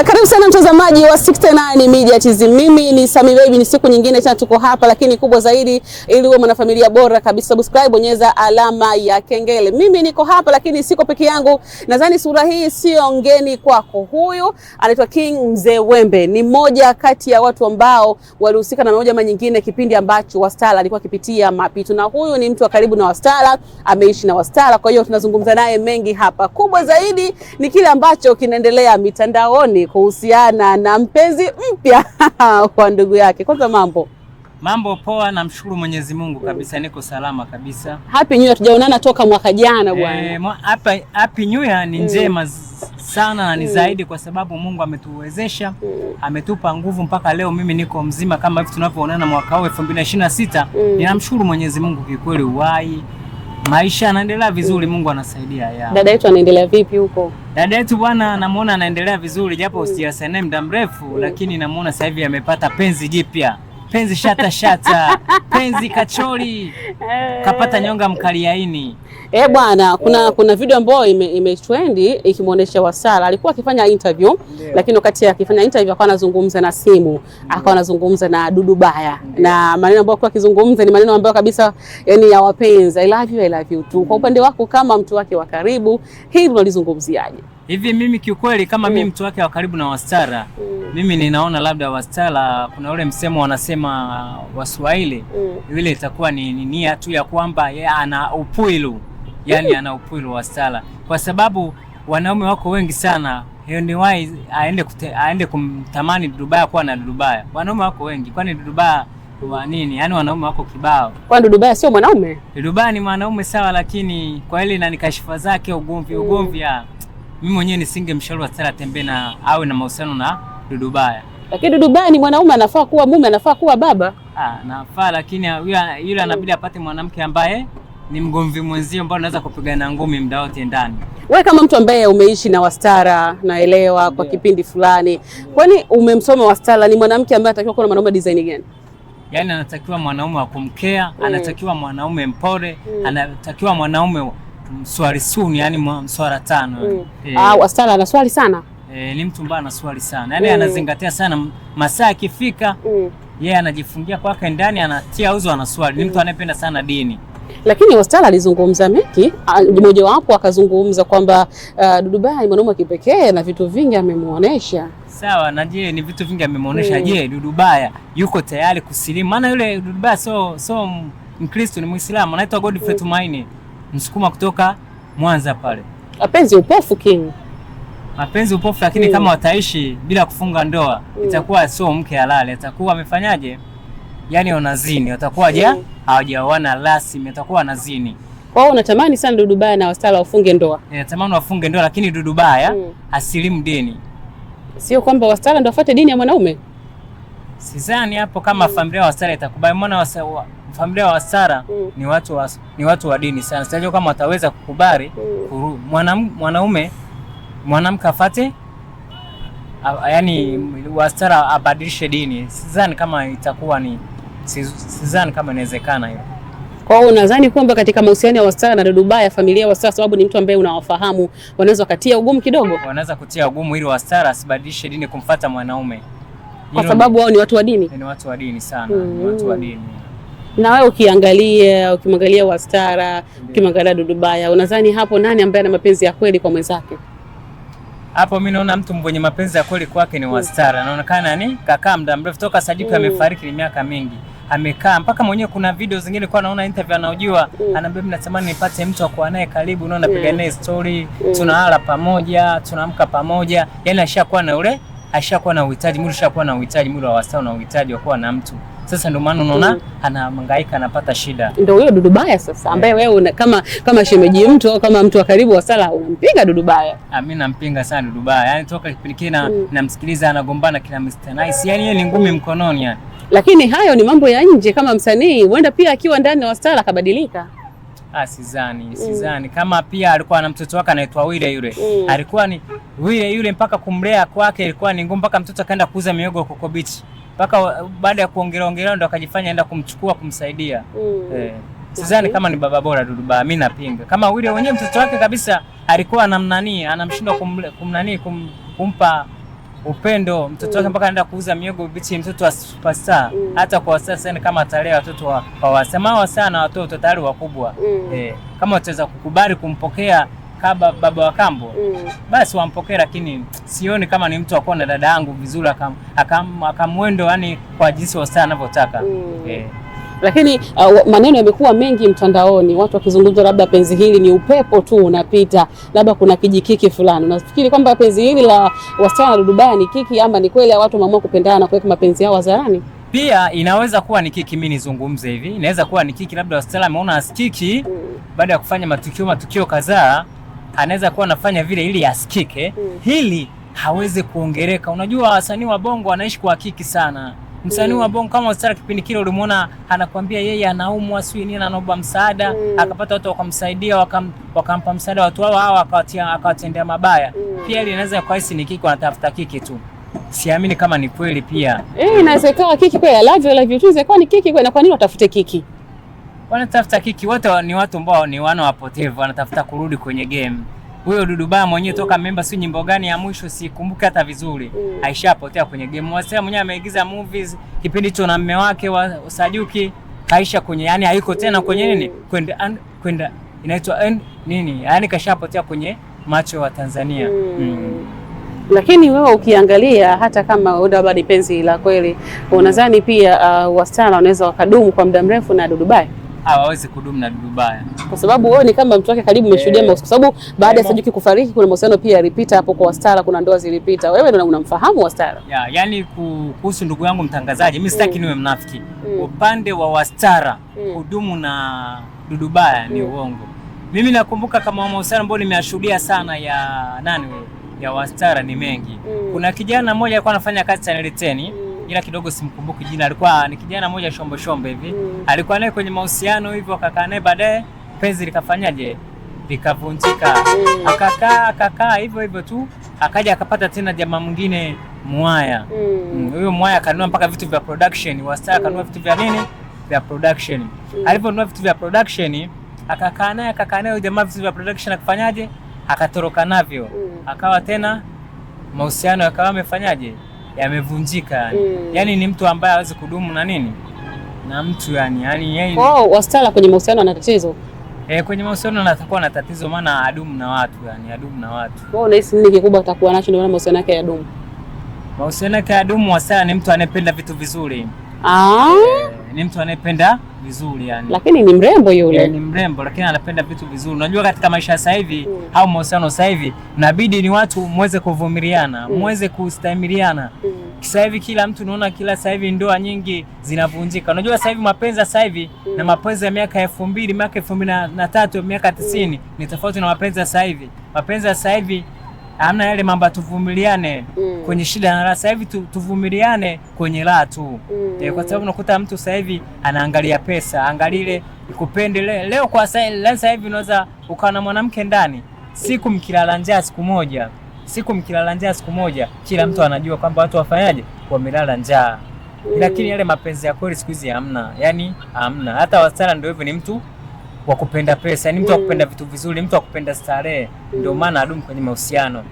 Eh, karibu sana mtazamaji wa 69 Media TV. Mimi ni Sami Baby, ni siku nyingine tena tuko hapa, lakini kubwa zaidi, ili uwe mwanafamilia bora kabisa, subscribe, bonyeza alama ya kengele. Mimi niko hapa, lakini siko peke yangu. Nadhani sura hii sio ngeni kwako. Huyu anaitwa King Mzee Wembe, ni mmoja kati ya watu ambao walihusika na moja ama nyingine kipindi ambacho Wastara alikuwa akipitia mapito, na huyu ni mtu wa karibu na Wastara, ameishi na Wastara, kwa hiyo tunazungumza naye mengi hapa. Kubwa zaidi ni kile ambacho kinaendelea mitandaoni kuhusiana na mpenzi mpya kwa ndugu yake? Kwanza mambo mambo poa, namshukuru Mwenyezi Mungu kabisa, mm. niko salama kabisa. Happy New Year, tujaonana toka mwaka jana bwana. Eh, hapa Happy New Year ni mm. njema mm. sana na ni mm. zaidi kwa sababu Mungu ametuwezesha mm. ametupa nguvu mpaka leo, mimi niko mzima kama hivi tunavyoonana mwaka huu 2026 mm. ninamshukuru Mwenyezi Mungu kikweli, uhai, maisha yanaendelea vizuri mm. Mungu anasaidia. Ya dada yetu anaendelea vipi huko? Dada yetu bwana, namuona anaendelea vizuri japo usiasene muda mrefu, lakini namuona sasa hivi amepata penzi jipya, penzi shata shata, penzi kacholi kapata nyonga mkaliaini Eh, bwana, kuna yeah. kuna video ambayo ime, ime trendi ikimuonesha Wasala alikuwa akifanya interview yeah. Lakini wakati akifanya interview akawa anazungumza na simu, mm. akawa anazungumza na Dudu Baya yeah. na maneno ambayo alikuwa akizungumza ni maneno ambayo kabisa yani ya wapenzi, I love you, I love you tu. mm. Kwa upande wako kama mtu wake wa karibu, hili unalizungumziaje? Hivi mimi kiukweli kama mm. mimi mtu wake wa karibu na Wastara mm. mimi ninaona labda Wastara, kuna ule msemo wanasema Waswahili mm. ile itakuwa ni nia tu ya kwamba yeye ana upuilu yani ana upwilo wa sala, kwa sababu wanaume wako wengi sana wai aende kute, aende kumtamani Dudubaya kuwa na Dudubaya. Wanaume wako wengi, kwani Dudubaya wa nini? Yaani wanaume wako kibao. Kwani Dudubaya sio mwanaume? Dudubaya ni mwanaume sawa, lakini kwa ile na nikashifa zake ugomvi ugomvi ya Mimi mwenyewe wa Stella atembee na awe na mahusiano na Dudubaya, lakini Dudubaya ni mwanaume, anafaa kuwa mume, anafaa kuwa baba. Ah, nafaa, lakini yule anabidi apate mwanamke ambaye ni mgomvi mwenzio ambao unaweza kupigana ngumi muda wote ndani. Wewe kama mtu ambaye umeishi na Wastara naelewa yeah. kwa kipindi fulani yeah. kwani umemsoma Wastara, ni mwanamke ambaye anatakiwa kuwa na mwanaume design gani? Yaani anatakiwa mwanaume wa kumkea mm. anatakiwa mwanaume mpole mm. anatakiwa mwanaume mswali suni, yani mswala tano mm. e. Ah, Wastara anaswali sana eh, ni mtu mbaya anaswali sana yaani mm. anazingatia sana masaa yakifika mm. yeye yeah, anajifungia kwake ndani anatia uzo anaswali mm. ni mtu anayependa sana dini lakini Wastara alizungumza mengi, wapo akazungumza kwamba uh, Dudubai mwanaume kipekee na vitu vingi amemuonesha. Sawa, na je, ni vitu vingi amemuonesha? Hmm. Je, hmm. Dudubaya yuko tayari kusilimu? Maana yule Dudubaya so so Mkristo ni Muislamu, anaitwa Godfrey hmm. Tumaini, msukuma kutoka Mwanza pale. Mapenzi upofu king mapenzi upofu, lakini mm. kama wataishi bila kufunga ndoa mm. itakuwa sio mke halali, atakuwa amefanyaje? Yani wanazini watakuwa ja mm hawajaoana rasmi, atakuwa anazini. Kwa hiyo unatamani sana Dudubaya na Wastara wafunge ndoa? Eh, natamani wafunge ndoa, lakini Dudubaya mm. asilimu dini. Sio kwamba Wastara ndo afuate dini ya mwanaume? Sizani hapo kama mm. familia ya Wastara itakubali. Mbona wasa, familia ya Wastara mm. ni watu wa, ni watu wa dini sana. Sijajua kama wataweza kukubali mm. mwanaume mwanaume mwanamke afate yaani Wastara abadilishe dini. Sidhani kama itakuwa ni sidhani kama inawezekana hiyo. Kwa hiyo unadhani kwamba katika mahusiano ya wasichana na dada baya, familia ya wasichana, sababu ni mtu ambaye unawafahamu, wanaweza wakatia ugumu kidogo, wanaweza kutia ugumu ili wasichana asibadilishe dini kumfata mwanaume, kwa sababu wao ni watu wa dini, ni watu wa dini sana, mm. ni hmm. watu wa dini na wewe ukiangalia ukimwangalia Wastara ukimwangalia Dudubaya, unadhani hapo nani ambaye ana mapenzi ya kweli kwa mwenzake? Hapo mimi naona mtu mwenye mapenzi ya kweli kwake ni hmm. Wastara, anaonekana ni kakaa muda mrefu toka Sajid hmm. amefariki, ni miaka mingi amekaa mpaka mwenyewe, kuna video zingine kwa naona interview anaojua mm. anaambia mimi natamani nipate mtu wa kuwa naye karibu, naona mm. napiga naye story mm. tunalala pamoja, tunaamka pamoja, yani ashakuwa na ule ashakuwa na uhitaji mwili, ashakuwa na uhitaji mwili wa wastani na uhitaji wa kuwa na mtu. Sasa ndio maana unaona mm. anahangaika, anapata shida. Ndio hiyo dudu baya sasa, ambaye yeah. wewe kama kama shemeji mtu au kama mtu wa karibu wa Sala unampinga dudu baya. Ah, mimi nampinga sana dudu baya, yani toka kipindi kile na, mm. namsikiliza anagombana kila Mr Nice, yani yeye ni ngumi mkononi yani lakini hayo ni mambo ya nje. Kama msanii, huenda pia akiwa ndani na Wastara akabadilika. Ah, sizani, sizani. Mm. Kama pia alikuwa na mtoto wake anaitwa Wile yule. Mm. Alikuwa ni Wile yule mpaka kumlea kwake ilikuwa ni ngumu mpaka mtoto akaenda kuuza miogo Coco Beach. Mpaka uh, baada ya kuongelea ongelea ndo akajifanya aenda kumchukua kumsaidia. Mm. Eh. Sizani kama ni baba bora Duduba, mimi napinga. Kama Wile mwenyewe mtoto wake kabisa alikuwa anamnani, anamshindwa kumnani kum, kumpa upendo mtoto wake, mpaka anaenda kuuza miogo bichi, mtoto wa superstar. Mm. Hata kwa sasa ni kama atalea watoto wa wasamao sana, watoto tayari wakubwa mm. eh, kama wataweza kukubali kumpokea kaba baba wa kambo mm. Basi wampokee, lakini sioni kama ni mtu akuwa na dada yangu vizuri akamwendo akam, akam, yani kwa jinsi wasaa anavyotaka mm. eh. Lakini uh, maneno yamekuwa mengi mtandaoni, watu wakizungumza labda penzi hili ni upepo tu unapita, labda kuna kijikiki fulani. Unafikiri kwamba penzi hili la wasichana na Dudubaya ni kiki ama ni kweli watu wameamua kupendana na kuweka mapenzi yao hadharani? Pia inaweza kuwa ni kiki, mimi nizungumze hivi, inaweza kuwa ni kiki, labda Stella ameona asikiki mm. baada ya kufanya matukio matukio kadhaa, anaweza kuwa anafanya vile ili asikike mm. hili hawezi kuongereka. Unajua wasanii wa bongo wanaishi kwa kiki sana msanii wa mm. bongo kama Star kipindi kile ulimuona anakwambia yeye anaumwa sio nini, anaomba msaada mm. akapata watu wakamsaidia, wakam, wakampa msaada watu hao hao akawatia akawatendea mabaya mm. pia ile inaweza hisi ni kiki anatafuta kiki tu, siamini kama ni kweli pia eh, inaweza ikawa kiki kweli, love love tu inaweza ni kiki kweli, na kwa nini watafute kiki? Wanatafuta kiki wote ni watu ambao ni wana wapotevu, wanatafuta kurudi kwenye game huyo dudubaya mwenyewe toka memba, si nyimbo gani ya mwisho sikumbuki hata vizuri, mm. aishapotea kwenye game. Wasema mwenyewe ameigiza movies kipindi cho na mme wake wa Sajuki, kaisha kwenye, yani haiko tena kwenye nini, kwenda kwenda inaitwa nini, yani kashapotea kwenye macho wa Tanzania mm. Mm. Lakini wewe ukiangalia hata kama Oda ni penzi la kweli, unadhani pia uh, wasichana wanaweza wakadumu kwa muda mrefu na Dudubaya? hawawezi kudumu na dudu baya, kwa sababu wewe ni kama mtu wake karibu, umeshuhudia yeah. Kwa sababu baada ya yaani Sajuki kufariki kuna mahusiano pia yalipita hapo kwa Wastara, kuna ndoa zilipita. Wewe ndio unamfahamu Wastara Ya, yeah, yani kuhusu ndugu yangu mtangazaji, mimi sitaki mm. niwe mnafiki mm. upande wa Wastara mm. kudumu na dudu baya mm. ni uongo. Mimi nakumbuka kama mahusiano ambayo nimeashuhudia sana ya nani ya Wastara ni mengi mm. kuna kijana mmoja alikuwa anafanya kazi Channel 10 mm ila kidogo simkumbuki jina. Alikuwa ni kijana mmoja shombo shombo hivi mm. alikuwa naye kwenye mahusiano hivyo, akakaa naye, baadaye penzi likafanyaje, likavunjika mm. akakaa akakaa hivyo hivyo tu, akaja akapata tena jamaa mwingine mwaya mm. Mm, huyo mm. mwaya akanunua mpaka vitu vya production wasta mm. akanunua vitu vya nini vya production mm. alivyonunua vitu vya production akakaa naye akakaa naye jamaa vitu vya production akafanyaje, akatoroka navyo mm. akawa tena mahusiano yakawa amefanyaje yamevunjika mm. Yani ni mtu ambaye hawezi kudumu na nini na mtu yani, yani yeye oh, wastala kwenye mahusiano ana tatizo eh, kwenye mahusiano atakuwa na tatizo, maana adumu na watu yani, adumu na watu. Wewe unahisi nini kikubwa atakuwa nacho ndio mahusiano yake yadumu? Mahusiano yake yadumu, wastara ni mtu anayependa vitu vizuri ah. Eh, ni mtu anayependa vizuri yani. Lakini ni mrembo yule. Eh, ni mrembo lakini anapenda vitu vizuri. Unajua katika maisha sasa hivi mm. au mahusiano sasa hivi inabidi ni watu muweze kuvumiliana, mm. muweze mm. kustahimiliana. Mm. Sasa hivi kila mtu naona kila sasa hivi ndoa nyingi zinavunjika. Unajua sasa hivi mapenzi sasa hivi mm. na mapenzi ya miaka 2000, miaka 2003, miaka tisini mm. ni tofauti na mapenzi sasa hivi. Mapenzi sasa hivi amna yale mambo tuvumiliane mm. kwenye shida na raha. Sasa hivi tu, tuvumiliane kwenye raha tu mm. E, kwa sababu unakuta mtu sasa hivi anaangalia pesa, ile ikupende le, leo kwa sasa hivi unaweza ukawa na mwanamke ndani siku mkilala njaa siku moja siku mkilala njaa siku moja, kila mtu mm. anajua kwamba watu wafanyaje, wamelala njaa, mm. lakini yale mapenzi ya kweli siku hizi hamna, yani hamna. Hata wasichana ndio hivyo, ni mtu wa kupenda pesa, yani mtu wa kupenda mm. vitu vizuri, mtu wa kupenda starehe, ndio maana adumu kwenye mahusiano.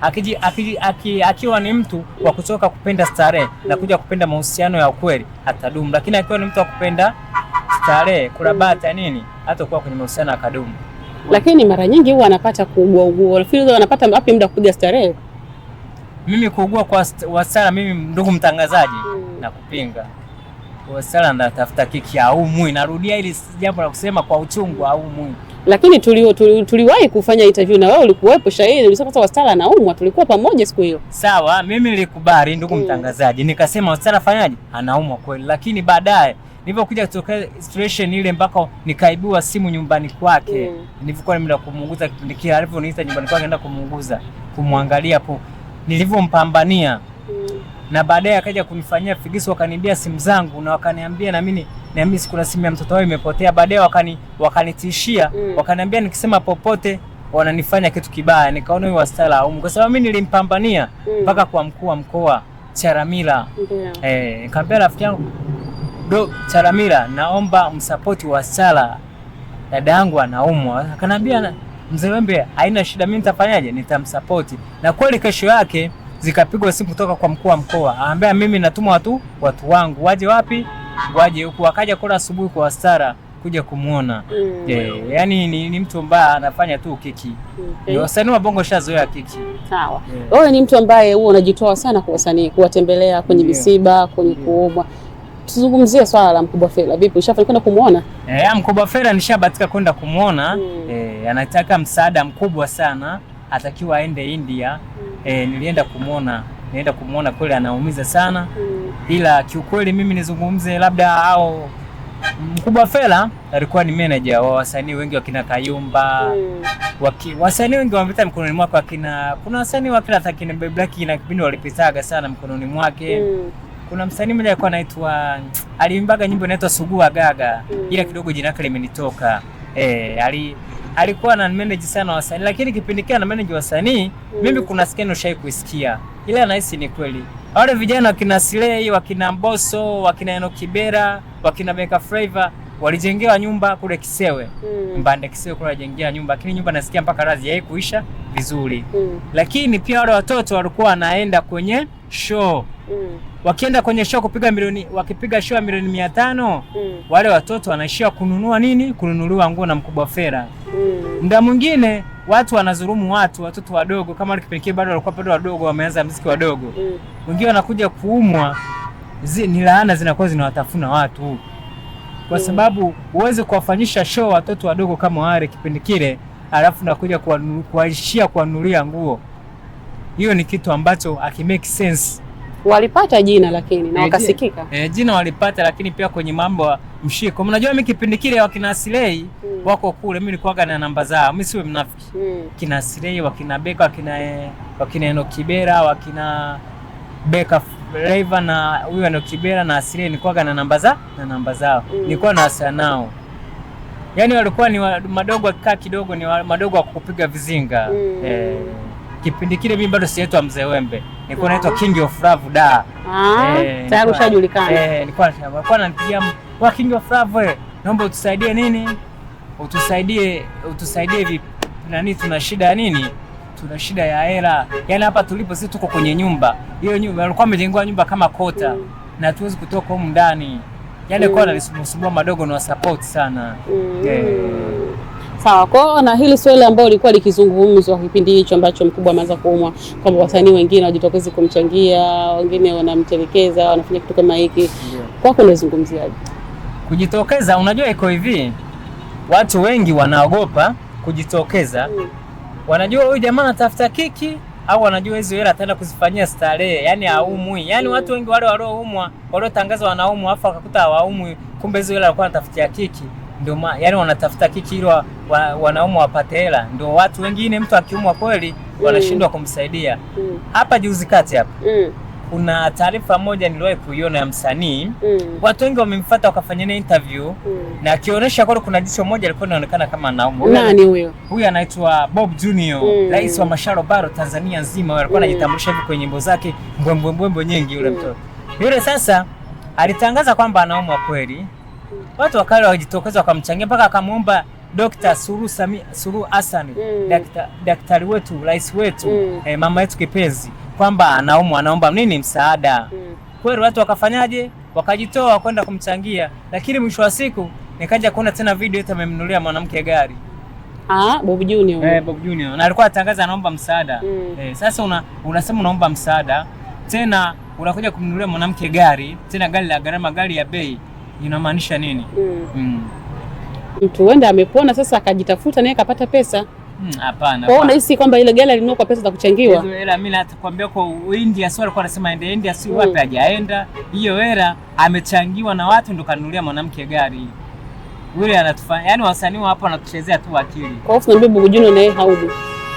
Akiji, akiji, aki, akiwa ni mtu wa kutoka kupenda starehe na kuja kupenda mahusiano ya ukweli atadumu, lakini akiwa ni mtu wa kupenda starehe kurabata nini, hatakuwa kwenye mahusiano akadumu. Lakini mara nyingi huwa anapata kuugua ugua, nafikiri anapata wapi muda kuja starehe. Mimi kuugua kwa wasichana, mimi ndugu mtangazaji, mm. na kupinga Sala ndo atafuta keki ya umwi. Inarudia ili jambo la kusema kwa uchungu aumwi. Lakini tuliwahi tuli, tuli kufanya interview na wewe, ulikuwepo shahidi, ulisema kwa Stella anaumwa, tulikuwa pamoja siku hiyo. Sawa, mimi nilikubali ndugu mm. mtangazaji, nikasema Stella fanyaje, anaumwa kweli, lakini baadaye nilipokuja kutoka situation ile mpaka nikaibiwa simu nyumbani kwake mm. nilivyokuwa nimeenda kumuunguza kipindi kile, alivyoniita nyumbani kwake, naenda kumuunguza kumwangalia po nilivyompambania na baadaye akaja kunifanyia figisu, wakanibia simu zangu na wakaniambia na mimi na mimi sikuna simu ya mtoto wao imepotea. Baadaye wakani wakanitishia mm. wakaniambia nikisema popote wananifanya kitu kibaya. Nikaona huyu wastala humu, kwa sababu mimi nilimpambania mm. mpaka mm. kwa mkuu wa mkoa Charamila yeah. Eh, nikamwambia rafiki yangu do Charamila, naomba msapoti wastala, dada yangu anaumwa. Akaniambia mm. mzee Wembe, haina shida, mimi nitafanyaje? Nitamsapoti. Na kweli kesho yake zikapigwa simu kutoka kwa mkuu wa mkoa, anambia mimi natuma watu watu wangu waje wapi, waje huku. Akaja kula asubuhi kwa Wastara kuja kumwona mm. Yeah, yani ni, ni mtu ambaye anafanya tu kiki okay. Wasanii wa Bongo shazoea kiki. Sawa, wewe yeah. Ni mtu ambaye huwa unajitoa sana kwa wasanii, kuwatembelea kwenye misiba, kwenye yeah. kuumwa Tuzungumzie swala la Mkubwa Fela. Vipi, ushafanya kwenda kumuona? Eh, ah, Mkubwa Fela nishabatika kwenda kumuona mm. Yeah, anataka msaada mkubwa sana, atakiwa aende India mm e, nilienda kumwona nilienda kumwona kule, anaumiza sana mm. Ila kiukweli mimi nizungumze labda au mkubwa Fela alikuwa ni manager wa wasanii wengi wakina Kayumba mm. waki, wasanii wengi wamepita mkononi mwake wakina, kuna wasanii wa kila takina Baby Black na kipindi walipitaga sana mkononi mwake mm. Kuna msanii mmoja alikuwa anaitwa aliimbaga nyimbo inaitwa Sugua Gaga mm. Ila kidogo jina lake limenitoka eh, ali alikuwa na manage sana wasanii, lakini kipindi kile na manage wasanii mm. mimi kuna skeni ushai kuisikia ile, anahisi ni kweli wale vijana wakina Slay wakina Mboso wakina Eno Kibera wakina Beka Flavor walijengewa nyumba kule Kisewe mm. Mbande Kisewe kule walijengea nyumba, lakini nyumba nasikia mpaka razi yai kuisha vizuri mm. Lakini pia wale watoto walikuwa wanaenda kwenye show mm wakienda kwenye show kupiga milioni, wakipiga show ya milioni mia tano mm. wale watoto wanaishia kununua nini, kununuliwa nguo na mkubwa fera mm. muda mwingine watu wanazurumu watu, watoto wadogo kama kipekee bado walikuwa bado wadogo, wameanza mziki wadogo mm. wengine wanakuja kuumwa, zi, ni laana zinakuwa zinawatafuna watu kwa mm. sababu huwezi kuwafanyisha show watoto wadogo kama wale kipindi kile, alafu nakuja kuwaishia kuwanunulia nguo. Hiyo ni kitu ambacho akimake sense walipata jina lakini na eh, wakasikika e, jina walipata, lakini pia kwenye mambo ya mshiko, mnajua mimi kipindi kile wakina Silei mm. wako kule, mimi nilikuwa na namba zao, mimi siwe mnafiki mm. kina Silei, wakina Beka, wakina wakina Enokibera, wakina Beka Reva na huyu Kibera na Silei, nilikuwa na namba za na namba zao mm. nilikuwa na wasa nao, yaani walikuwa ni wa, madogo akikaa kidogo ni wa, madogo wa kupiga vizinga mm. e kipindi kile mimi bado sijaitwa Mzee Wembe, nilikuwa naitwa King of Love da. Ah, tayari eh, ushajulikana. Eh, Nilikuwa nilikuwa nanipigia wa King of Love, wewe, naomba utusaidie nini, utusaidie utusaidie vipi nani, tuna shida ya nini, tuna shida ya hela. Yaani hapa tulipo sisi tuko kwenye nyumba hiyo, nyumba alikuwa amejengewa nyumba kama kota mm. na tuwezi kutoka huko ndani, yaani mm. kwa nalisumbua madogo na support sana mm. yeah. Sawa. Kwa hiyo na hili swali ambalo lilikuwa likizungumzwa kipindi hicho ambacho mkubwa ameanza kuumwa, kwamba wasanii wengine wajitokezi kumchangia, wengine wanamtelekeza, wanafanya kitu kama hiki yeah. Kwako unazungumziaje kujitokeza? Unajua iko hivi, watu wengi wanaogopa kujitokeza mm. Wanajua huyu jamaa anatafuta kiki au wanajua hizo hela ataenda kuzifanyia starehe, yani mm. haumwi. Yani mm. watu wengi wale walioumwa waliotangaza wanaumwa afu wakakuta hawaumwi, kumbe hizo hela alikuwa anatafutia kiki ndio ma, yani wanatafuta kiki ili wa, wanaumwa wapate hela, ndio watu wengine, mtu akiumwa kweli mm. wanashindwa kumsaidia. Mm. Hapa juzi kati hapa mm. kuna taarifa moja niliwahi kuiona ya msanii mm. Watu wengi wamemfuata wakafanya na interview mm. na akionyesha kwa kuna jicho moja alikuwa inaonekana kama anaumwa. Nani yaani huyo? Huyu anaitwa Bob Junior mm. rais wa Masharo Baro Tanzania nzima, alikuwa anajitambulisha mm. hivi kwenye nyimbo zake mbwembwembwembo nyingi yule mm. mtoto yule. Sasa alitangaza kwamba anaumwa kweli watu wakale wajitokeza wakamchangia mpaka akamwomba Dokta Suru Samia Suru Hassan mm. daktari wetu rais wetu mm. eh, mama yetu kipenzi kwamba anaumwa anaomba nini msaada mm. kweli watu wakafanyaje wakajitoa kwenda kumchangia, lakini mwisho wa siku nikaja kuona tena video yetu amemnunulia mwanamke gari Ah, Bob Junior. Eh, Bob Junior. Na alikuwa anatangaza anaomba msaada mm. eh, sasa una, unasema unaomba msaada tena unakuja kumnunulia mwanamke gari tena gari la gharama gari ya bei inamaanisha nini? mm. Mm. Mtu huenda amepona sasa akajitafuta naye akapata pesa. Mm, hapana. Kwa hiyo unahisi kwamba ile gari alinunua kwa pesa za kuchangiwa? Hiyo hela mimi nakwambia kwa India sio alikuwa anasema aende India si mm. wapi mm. Ajaenda. Hiyo hela amechangiwa na watu ndo kanunulia mwanamke gari. Yule anatufanya yani wasanii hapo wanatuchezea tu akili. Kwa hiyo tunaambia Bubu Juno naye haudu.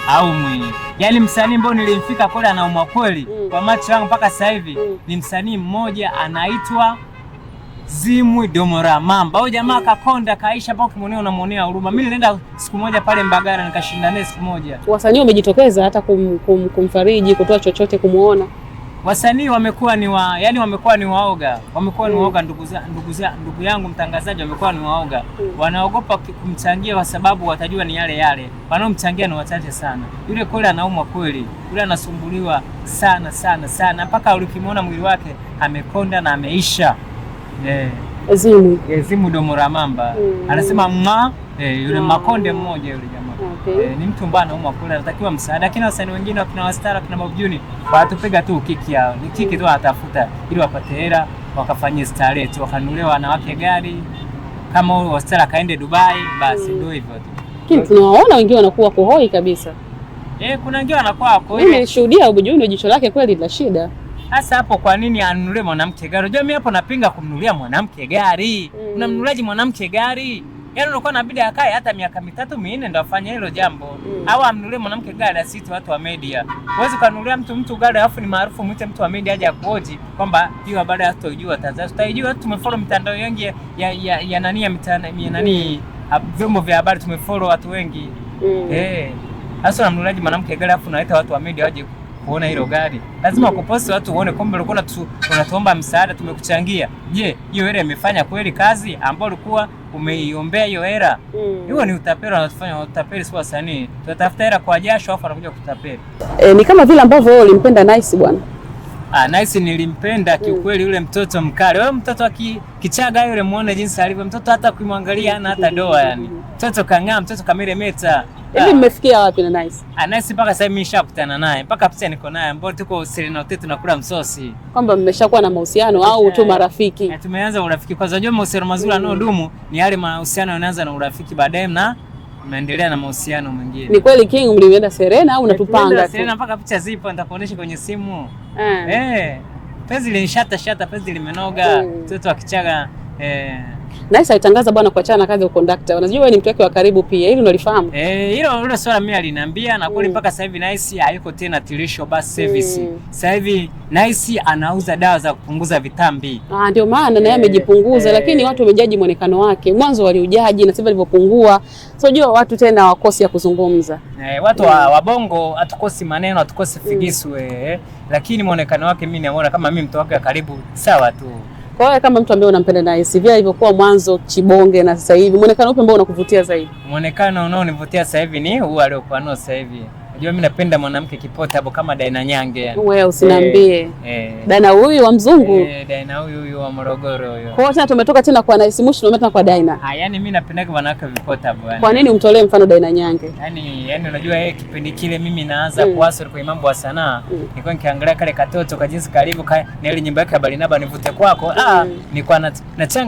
Haumwi. Yaani msanii mbona nilimfika kule anaumwa kweli mm. kwa macho yangu mpaka sasa hivi mm. ni msanii mmoja anaitwa Zimwi Domora Mamba. Huyo jamaa kakonda kaisha mpaka ukimwonea unamwonea huruma. Mimi nilienda siku moja pale Mbagara nikashinda naye siku moja. Wasanii wamejitokeza hata kum, kum, kumfariji kutoa chochote kumwona. Wasanii wamekuwa ni wa, yani wamekuwa ni waoga. Wamekuwa ni mm. waoga ndugu za, ndugu za, ndugu yangu mtangazaji wamekuwa ni waoga. Mm. Wanaogopa kumchangia kwa sababu watajua ni yale yale. Wanaomchangia ni wachache sana. Yule kweli anaumwa kweli. Yule anasumbuliwa sana sana sana mpaka ulikimwona mwili wake amekonda na ameisha eh, Zimu eh, Zimu Domoramamba mm. anasema ma eh, yule mm. Makonde mmoja yule jamaa okay. eh, ni mtu mbana huko kule anatakiwa msaada, lakini wasanii wengine wakina Wastara kina Mabjuni watupiga tu kiki yao ni kiki hmm. tu atafuta ili wapate hela wakafanyia starehe tu wakanunulia wanawake gari kama huyo Wastara kaende Dubai basi hmm. ndio mm. hivyo tu, lakini tunawaona wengine wanakuwa kuhoi kabisa. Eh, kuna wengine wanakuwa kuhoi. Mimi nilishuhudia Ubujuni jicho lake kweli la shida. Sasa hapo kwa nini anunulie mwanamke gari? Unajua mimi hapo napinga kumnunulia mwanamke gari. Mm. Unamnulaji mwanamke gari? Yaani unakuwa inabidi akae hata miaka mitatu minne ndo afanye hilo jambo. Mm. Au amnunulie mwanamke gari asiti watu wa media. Huwezi kununulia mtu mtu gari alafu ni maarufu mwite mtu wa media aje akuoji kwamba hiyo habari hatutojua Tanzania. Tutaijua tumefollow mitandao yengi ya ya, ya, ya nani ya mitandao ya nani mm. vyombo vya habari tumefollow watu wengi. Mm. Eh. Hey. Sasa unamnulaji mwanamke gari afu naita watu wa media waje kuona hilo gari, lazima wakuposti watu waone kwamba ulikuwa unatuomba msaada, tumekuchangia. Je, hiyo hela imefanya kweli kazi ambayo ulikuwa umeiombea hiyo hela? Mm. Hiyo ni utapeli wanatufanya utapeli, sio wasanii tunatafuta hela kwa jasho, afu anakuja kutapeli. E, ni kama vile ambavyo ulimpenda Nice bwana Ah, nice nilimpenda kiukweli yule mtoto mkali. Wewe mtoto wa Kichaga yule muone jinsi alivyo. Mtoto hata kumwangalia hana hata doa yani. Mtoto kang'aa, mtoto kameremeta. Hivi ah. mmefikia wapi na Nice? Ah, Nice mpaka sasa mimi nishakutana naye. Mpaka pia niko naye ambapo tuko Serena na kula msosi. Kwamba mmeshakuwa na mahusiano au tu eh, marafiki? Eh, tumeanza urafiki. Kwanza unajua mahusiano mazuri yanayodumu ni yale mahusiano yanaanza na urafiki baadaye na Naendelea na mahusiano mengine. Ni kweli King, mlienda Serena au unatupanga? Serena mpaka picha zipo, nitakuonesha kwenye simu. Eh. Eh, pezi linishata shata, pezi limenoga. Mtoto mm. akichaga eh na Isa alitangaza bwana kuachana na kazi ya kondakta. Unajua wewe ni mtu wake wa karibu pia, hilo unalifahamu? Eh, hilo hilo swala mimi aliniambia na kweli mm. mpaka mm. sasa hivi Nice hayuko tena Tirisho Bus Service. Mm. Sasa hivi Nice anauza dawa za kupunguza vitambi. Ah, ndio maana naye eh, amejipunguza, eh, eh, lakini watu wamejaji mwonekano wake. Mwanzo waliujaji na sasa alivyopungua. So jua watu tena wakosi ya kuzungumza. Eh, watu mm. wa wa Bongo hatukosi maneno, hatukosi mm. figisu mm. eh, lakini mwonekano wake mimi naona kama mimi mtu wake wa karibu sawa tu. Kwa hiyo kama mtu ambaye unampenda na CV ilivyokuwa mwanzo chibonge na sasa hivi, muonekano upi ambao unakuvutia zaidi? Muonekano unaonivutia sasa hivi ni huu aliokuwa nao sasa hivi. Unajua mimi napenda mwanamke kipota hapo kama Daina Nyange yani. Wewe usiniambie. Eh, eh. Daina huyu wa mzungu. Eh, Daina huyu huyu wa Morogoro huyo. Kwa hiyo tumetoka tena kwa Nice Mushi tumetoka kwa Daina. Ah, yani mimi napenda wanawake vipota hapo yani. Kwa nini umtolee mfano Daina Nyange? Yani yani unajua yeye kipindi kile mimi naanza mm. kuasili kwa mambo ya sanaa. Mm. Nilikuwa nikiangalia kale katoto kwa jinsi karibu ka, na ile nyimbo yake ya Balinaba nivute kwako. Ah, mm. nilikuwa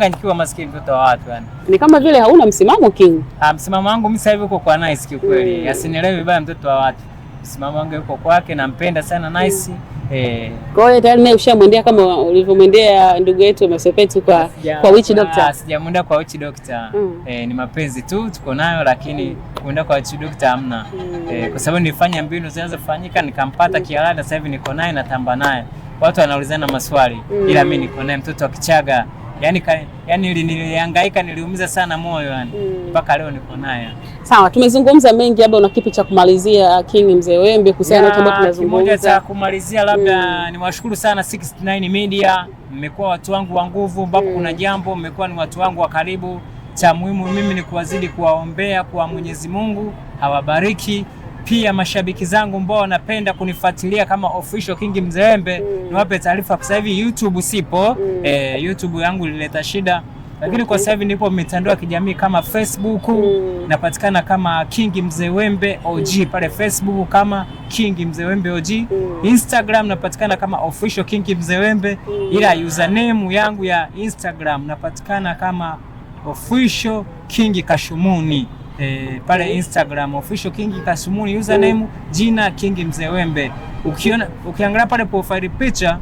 nikiwa maskini mtoto wa watu yani. Ni kama vile hauna msimamo King. Ah, msimamo wangu mimi sasa hivi uko kwa Nice kiukweli. Mm. Asinielewe vibaya mtoto wa watu. Msimamo wangu yuko kwake, nampenda sana Nice. Mm. Eh. Kwa hiyo tayari naye ushamwendea kama ulivyomwendea ndugu yetu Masepetu kwa kwa witch doctor. Ah, sijamwenda kwa witch doctor. Mm. Eh, ni mapenzi tu tuko nayo lakini mm. kwenda kwa witch doctor hamna. Mm. Eh, kwa sababu nilifanya mbinu zinazofanyika nikampata mm. na sasa hivi niko naye natamba naye. Watu wanaulizana maswali mm. Ila mimi niko naye mtoto wa Kichaga yani, yani nilihangaika, niliumiza sana moyo yani mm. mpaka mm. leo niko naye. Sawa, tumezungumza mengi, labda una kipi cha kumalizia King Mzee Wembe kuhusiana na kile tunazungumza? Kimoja cha kumalizia labda mm. niwashukuru sana 69 Media, mmekuwa watu wangu wa nguvu, ambapo mm. kuna jambo mmekuwa ni watu wangu wa karibu. Cha muhimu mimi ni kuwazidi kuwaombea kwa Mwenyezi Mungu hawabariki pia mashabiki zangu ambao wanapenda kunifuatilia kama official King Mzewembe mm. niwape taarifa. Sasa hivi YouTube sipo mm. eh, YouTube yangu ilileta shida lakini kwa sasa hivi nipo mitandao ya kijamii kama Facebook mm. napatikana kama King Mzewembe OG mm. pale Facebook kama King Mzewembe OG mm. Instagram napatikana kama official King Mzewembe mm. ila username yangu ya Instagram napatikana kama official King Kashumuni. E, pale Instagram official King Kasumuni username oh. jina King Mzee Wembe. Ukiona ukiangalia pale profile picture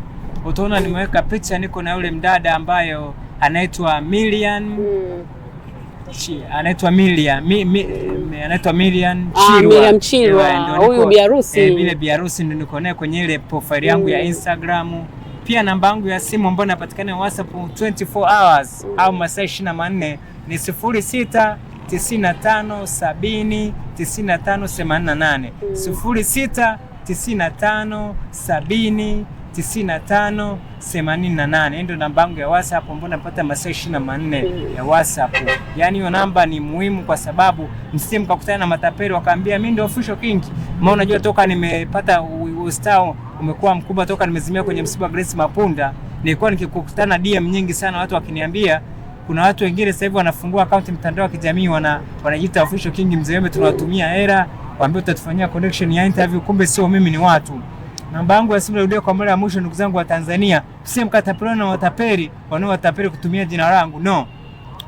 utaona nimeweka picha niko na yule mdada ambayo anaitwa Millian hmm. anaitwa Millian mi, mi, eh, anaitwa Millian ah, Chirwa. Ah, huyu biarusi harusi bile eh, biarusi ndio niko naye kwenye ile profile yangu mm. ya hmm. Instagram pia namba yangu ya simu ambayo inapatikana WhatsApp 24 hours mm. au masaa 24 ni 06 95 Ndio namba yangu ya WhatsApp ambayo napata masaa 24 ya WhatsApp. Yaani hiyo namba ni muhimu kwa sababu msimu mkakutana na matapeli wakaambia mimi ndio official king. Maana unajua toka nimepata ustao umekuwa mkubwa toka nimezimia kwenye msiba Grace Mapunda, nilikuwa nikikutana DM nyingi sana watu wakiniambia kuna watu wengine sasa hivi wanafungua akaunti mtandao wa kijamii wana wanajiita official king Mzewembe, tunawatumia hela waambie utatufanyia connection ya interview, kumbe sio mimi, ni watu. Namba yangu ya simu narudia kwa mara ya mwisho, ndugu zangu wa Tanzania, msie mkatapeliwa na watapeli wanaowatapeli kutumia jina langu no.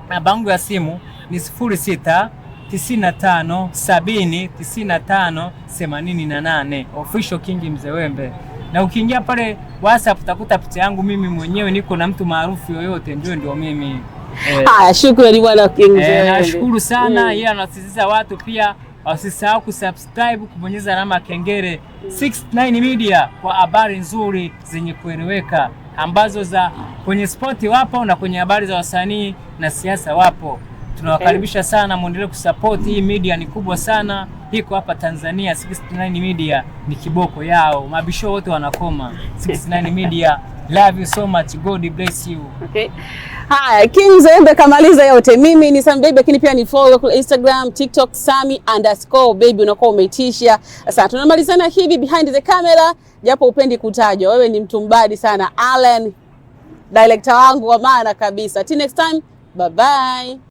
Namba yangu ya simu ni sifuri sita tisini na tano sabini tisini na tano themanini na nane official king Mzewembe na ukiingia pale WhatsApp utakuta picha yangu mimi mwenyewe, niko na mtu maarufu yoyote, ndio ndio mimi. Eh. Haya, shukrani bwana King. Eh, nashukuru sana mm. yeye, anasisitiza watu pia wasisahau kusubscribe, kubonyeza alama ya kengele 69 Media kwa habari nzuri zenye kueleweka ambazo za kwenye spoti wapo na kwenye habari za wasanii na siasa wapo. Tunawakaribisha eh. sana muendelee kusupport hii media, ni kubwa sana, iko hapa Tanzania. 69 Media ni kiboko yao, mabisho wote wanakoma 69 Media. Love you so much. God bless you. Okay. Haya, King Zembe kamaliza yote. Mimi ni Sam Baby lakini pia ni follow kule Instagram, TikTok Sami underscore baby unakuwa umeitisha. Sasa tunamalizana hivi behind the camera japo upendi kutajwa. Wewe ni mtu mbadi sana Allen, director wangu wa maana kabisa. Till next time. Bye bye.